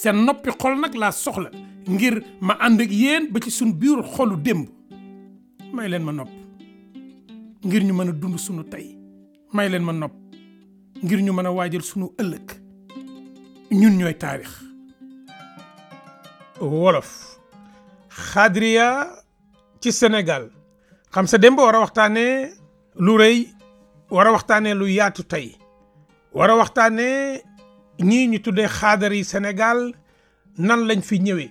seen noppi xol nag laa soxla ngir ma ànd ak yéen ba ci suñ biir xolu démb may leen ma nopp ngir ñu mën a dund sunu tey may leen ma nopp ngir ñu mën a waajal sunu ëllëg ñun ñooy taarix. wolof xaadiriya ci senegal xam sa demb war a waxtaanee lu rëy war a waxtaanee lu yaatu tey war a waxtaanee ñii ñu tuddee xaadar senegal nan lañ fi ñëwee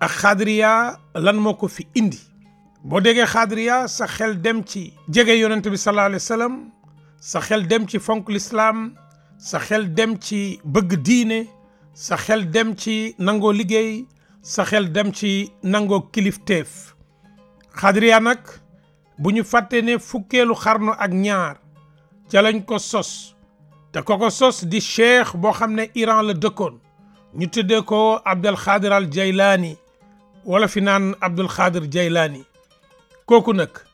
ak xaadariya lan moo ko fi indi boo degee xaadariya sa xel dem ci jege yonent bi sallallahu alayhi sa xel dem ci fonk lislaam sa xel dem ci bëgg diine sa xel dem ci nangoo liggéey sa xel dem ci nangoo kilifteef xaadariya nag bu ñu fàtte ne fukkeelu xar xarnu ak ñaar ca lañ ko sos te koko sos di cheikh boo xam ne Iran la dëkkoon ñu tëddee ko Abdel Khadir al Jaylaani wala fi naan Abdul Khadir Jaylaani kooku nag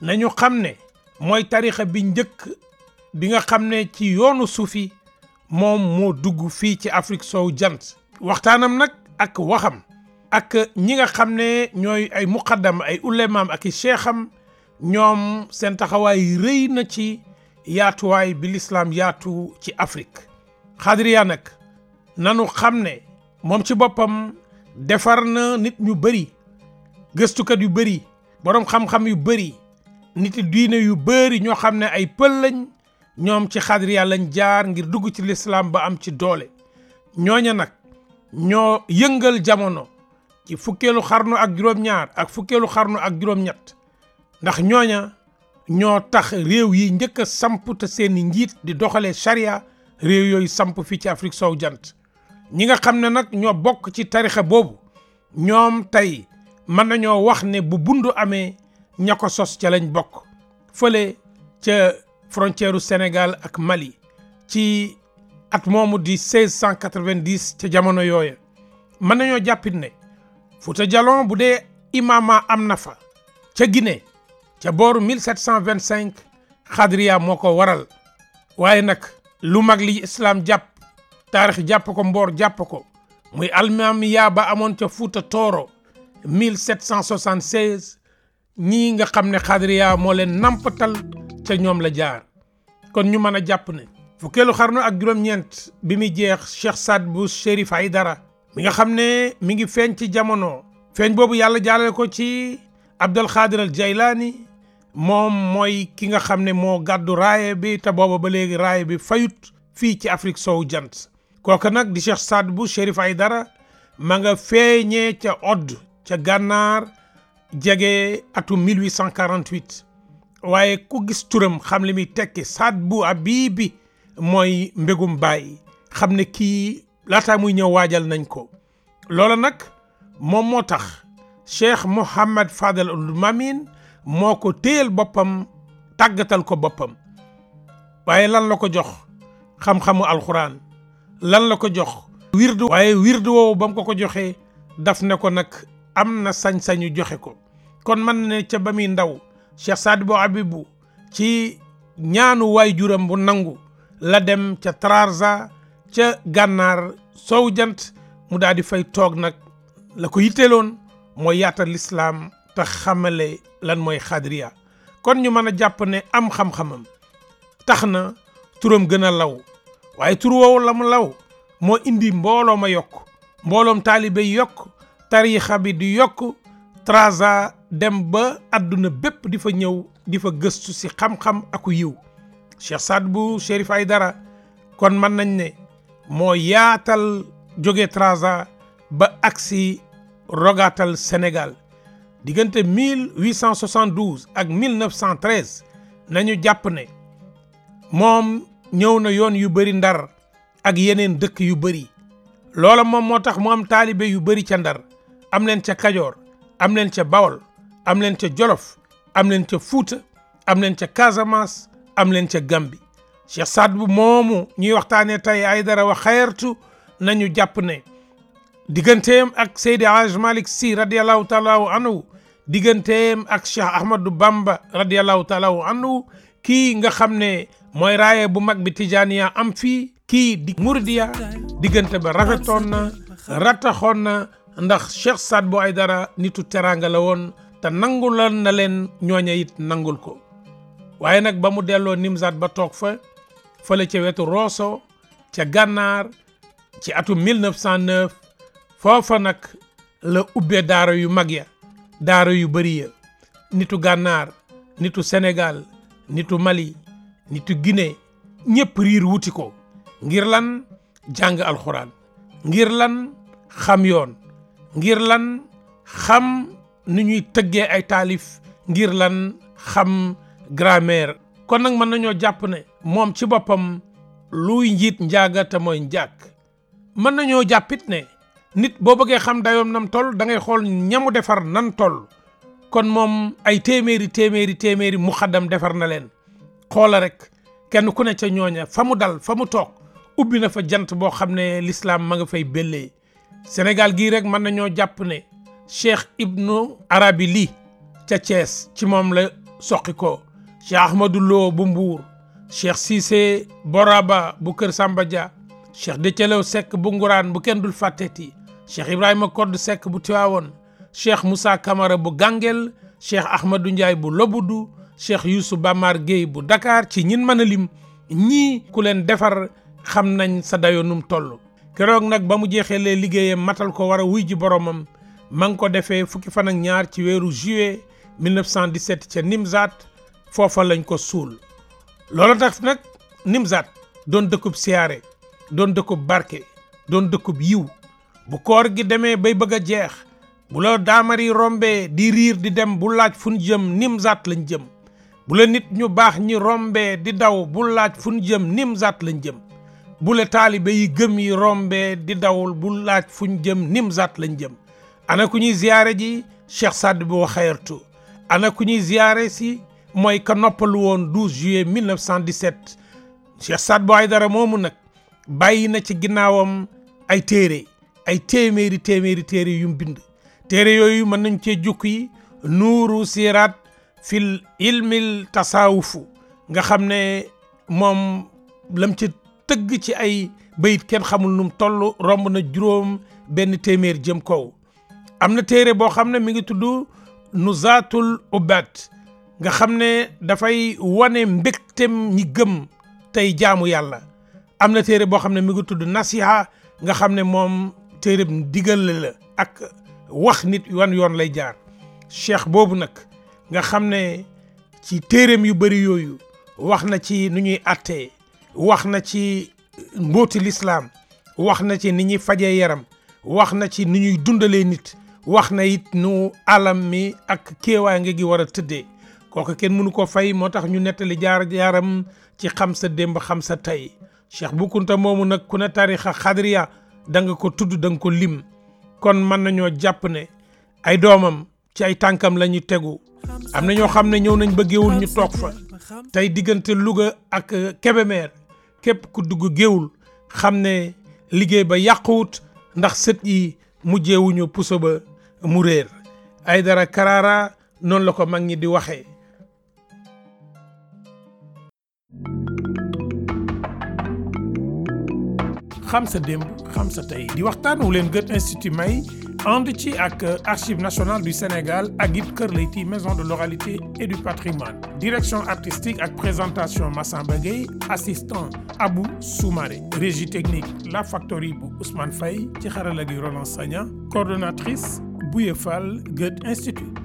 nañu xam ne mooy tarixa bi njëkk bi nga xam ne ci yoonu suufi moom moo dugg fii ci Afrique soow jant waxtaanam nag ak waxam ak ñi nga xam ne ñooy ay muqaddam ay ulemaam ak i cheikham ñoom seen taxawaay rëy na ci yaatuwaay bi lislaam yaatu ci Afrique xaadiriya nag nanu xam ne moom ci boppam defar na nit ñu bëri gëstukat yu bëri boroom xam-xam yu bëri nit diine yu bëri ñoo xam ne ay pël lañ ñoom ci xaadiriya lañ jaar ngir dugg ci lislaam ba am ci doole ñooña nag ñoo yëngal jamono ci fukkeelu xarnu ak juróom-ñaar ak fukkeelu xarnu ak juróom-ñett ndax ñooña ñoo tax réew yi njëkk a samp te seen njiit di doxalee charia réew yooyu samp fii ci Afrique sow jant ñi nga xam ne nag ñoo bokk ci tarixe boobu ñoom tey mën nañoo wax ne bu bundu amee ña ko sos ca lañ bokk fële ca frontière u Sénégal ak Mali ci at moomu di 1690 ca jamono yooya mën nañoo jàppit ne Fouta Djalon bu dee imama am na fa ca Guinée ca booru 1725 xadriya moo ko waral waaye nag lu mag li islaam jàpp taarix jàpp ko mboor jàpp ko muy almaamiya ba amoon ca Fuuta Tooro 1776 ñii nga xam ne xadriya moo leen nampatal ca ñoom la jaar kon ñu mën a jàpp ne fukkeelu xarnu ak juróom-ñeent bi muy jeex Cheikh Saad bu Chérif Aïdara mi nga xam ne mi ngi feeñ ci jamono feeñ boobu yàlla jaalale ko ci Abdul Xaadir al Jaylaani moom mooy ki nga xam ne moo gàddu raaye bi te booba ba léegi raaye bi fayut fii ci Afrique sow jant kooka nag di Cheikh Saad bu Chérif dara ma nga feeñee ca Odd ca gànnaar jege atum 1848 waaye ku gis turam xam limi muy tekki Saad bu Abibi mooy mbégum baay xam ne kii laataa muy ñëw waajal nañ ko loola nag moom moo tax Cheikh Mouhamad Fadel Ould moo ko téyel boppam tàggatal ko boppam waaye lan la ko jox xam-xamu alxuraan lan la ko jox wirdu waaye wirdu woowu ba ko ko joxe daf ne ko nag am na sañ-sañu joxe ko kon man ne ca ba muy ndaw Cheikh Sadibou Habibou ci ñaanu juram bu nangu la dem ca Trarza ca gànnaar sow jant mu daal di fay toog nag la ko yitteeloon mooy yaatal lislaam tax xamale lan mooy xadriya kon ñu mën a jàpp ne am xam-xamam tax na turam gën a law waaye tur woowu la mu law moo indi mboolooma yokk mbooloom taalibe yokk tariixa bi di yokk traza dem ba àdduna bépp di fa ñëw di fa gëstu si xam-xam aku yiw Cheikh Saad bu Chérif Aïdara kon mën nañ ne moo yaatal jóge traza ba agsi rogaatal Sénégal diggante 1872 ak 1913 nañu jàpp ne moom ñëw na yoon yu bëri ndar ak yeneen dëkk yu bëri loola moom moo tax mu am taalibe yu bëri ca ndar am leen ca kajoor am leen ca bawol am leen ca jolof am leen ca fuuta am leen ca Casamance am leen ca Gambi Cheikh Saad bu moomu ñuy waxtaanee tey ay dara wa xayartu nañu jàpp ne digganteem ak Seydi Hadj Malick Sy digganteem ak Cheikh Ahmadou Bamba radiallahu taala anhu kii nga xam ne mooy raaye bu mag bi Tijaaniya am fii kii di Muridiya diggante ba rafetoon na rataxoon na ndax Cheikh Saad ay dara nitu teraanga la woon te nanguloon na leen ñooña it nangul ko waaye nag ba mu delloo Nimzaat ba toog fa fële ca wetu Rosso ca gànnaar ci atum 1909 foofa nag la ubbee daara yu mag ya daara yu bëri ya nitu gànnaar nitu Sénégal nitu Mali nitu Guinée ñëpp riir wuti ko ngir lan jàng alxuraan ngir lan xam yoon ngir lan xam nu ñuy tëggee ay taalif ngir lan xam grammaire. kon nag mën nañoo jàpp ne moom ci boppam luy njiit njaaga te mooy njaag mën nañoo jàppit ne nit boo bëggee xam dayoom nam toll da ngay xool ñamu defar nan toll kon moom ay téeméeri téeméeri téeméeri muxaddam defar na leen xoola rek kenn ku ne ca ñooña fa mu dal fa mu toog ubbi na fa jant boo xam ne lislaam ma nga fay bellee Sénégal gii rek mën nañoo jàpp ne Cheikh Ibnu Arabi lii ca Thiès ci moom la soqi ko Cheikh Ahmadou Lo bu Mbuur Cheikh Cissé Boraba bu Kër sàmba Dia Cheikh Dethié Lo Seck bu Nguraan bu kenn dul fàtteeti cheikh Ibrahima Codé Seck bu Tiwaawoon cheikh Moussa Camara bu Gàngeel cheikh Ahmadou Ndiaye bu Lobudu cheikh ba mar Guèye bu Dakar ci ñin mën a lim ñii ku leen defar xam nañ sa dayoo num toll. keroog nag ba mu jeexalee liggéeyam matal ko wara a wuy ji boromam ma ngi ko defee fukki fan ak ñaar ci weeru juillet 1917 ca Nimzaat foofa lañ ko suul loolu tax nag Nimzaat doon dëkkub siyaare doon dëkkub barke doon dëkkub yiw. bu koor gi demee bay bëgg a jeex bu la daamari rombee di riir di dem bu laaj fun jëm nimzaat lañ jëm bu la nit ñu baax ñi rombee di daw bu laaj fun jëm nimzaat lañ jëm bu la taalibe yi gëm yi rombee di dawul bu laaj fuñ jëm nimzaat lañ jëm ana ku ñuy ziyaare ji Cheikh Saad Bou xayartu ana ku ñuy ziyaare si mooy ka noppalu woon 12 juillet 1917 Cheikh Saad Bou Aidara moomu nag bàyyi na ci ginnaawam ay téere ay téeméeri téeméeri téere yu mu bind téere yooyu mën nañ cee jukk yi nuuru siiraat fil ilmil tasawufu nga xam ne moom lam ci tëgg ci ay bayit kenn xamul num toll romb na juróom benn téeméeri jëm kow am na téere boo xam ne mi ngi tudd nuzaatul ubaat nga xam ne dafay wane mbégtem ñi gëm tey jaamu yàlla am na téere boo xam ne mi ngi tudd nasiha nga xam ne moom téereb digal la ak wax nit wan yoon lay jaar cheikh boobu nag nga xam ne ci téereem yu bari yooyu wax na ci nu ñuy àttee wax na ci mbóoti lislaam wax na ci ni ñuy fajee yaram wax na ci nu ñuy dundalee nit wax na it nu alam mi ak kéewaay nga gi war a tëddee kooku kenn mënu ko fay moo tax ñu nettali jaar-jaaram ci xam sa démb xam sa tey cheikh bu kunta moomu nag ku ne tarixa da nga ko tudd da nga ko lim kon mën nañoo jàpp ne ay doomam ci ay tànkam lañuy tegu am na ñoo xam ne ñëw nañ ba géewul ñu toog fa tey diggante Louga ak euh, Kébémer képp ku dugg géwul xam ne liggéey ba yàquwut ndax sët yi mujjewuñu puso ba mu réer ay dara karaara noonu la ko mag ñi di waxee xam sa démb xam sa tey di waxtaan wu leen Goethe Institut may ànd ci ak Archives nationales du Sénégal ak it Kër Leyti maison de l'oralité et du patrimoine direction artistique ak présentation Massamba Gueye assistant abu Soumaré régie technique La Factory bu Ousmane Faye ci xarala gi Roland Sagna coordonnatrice Bouye Goethe Institut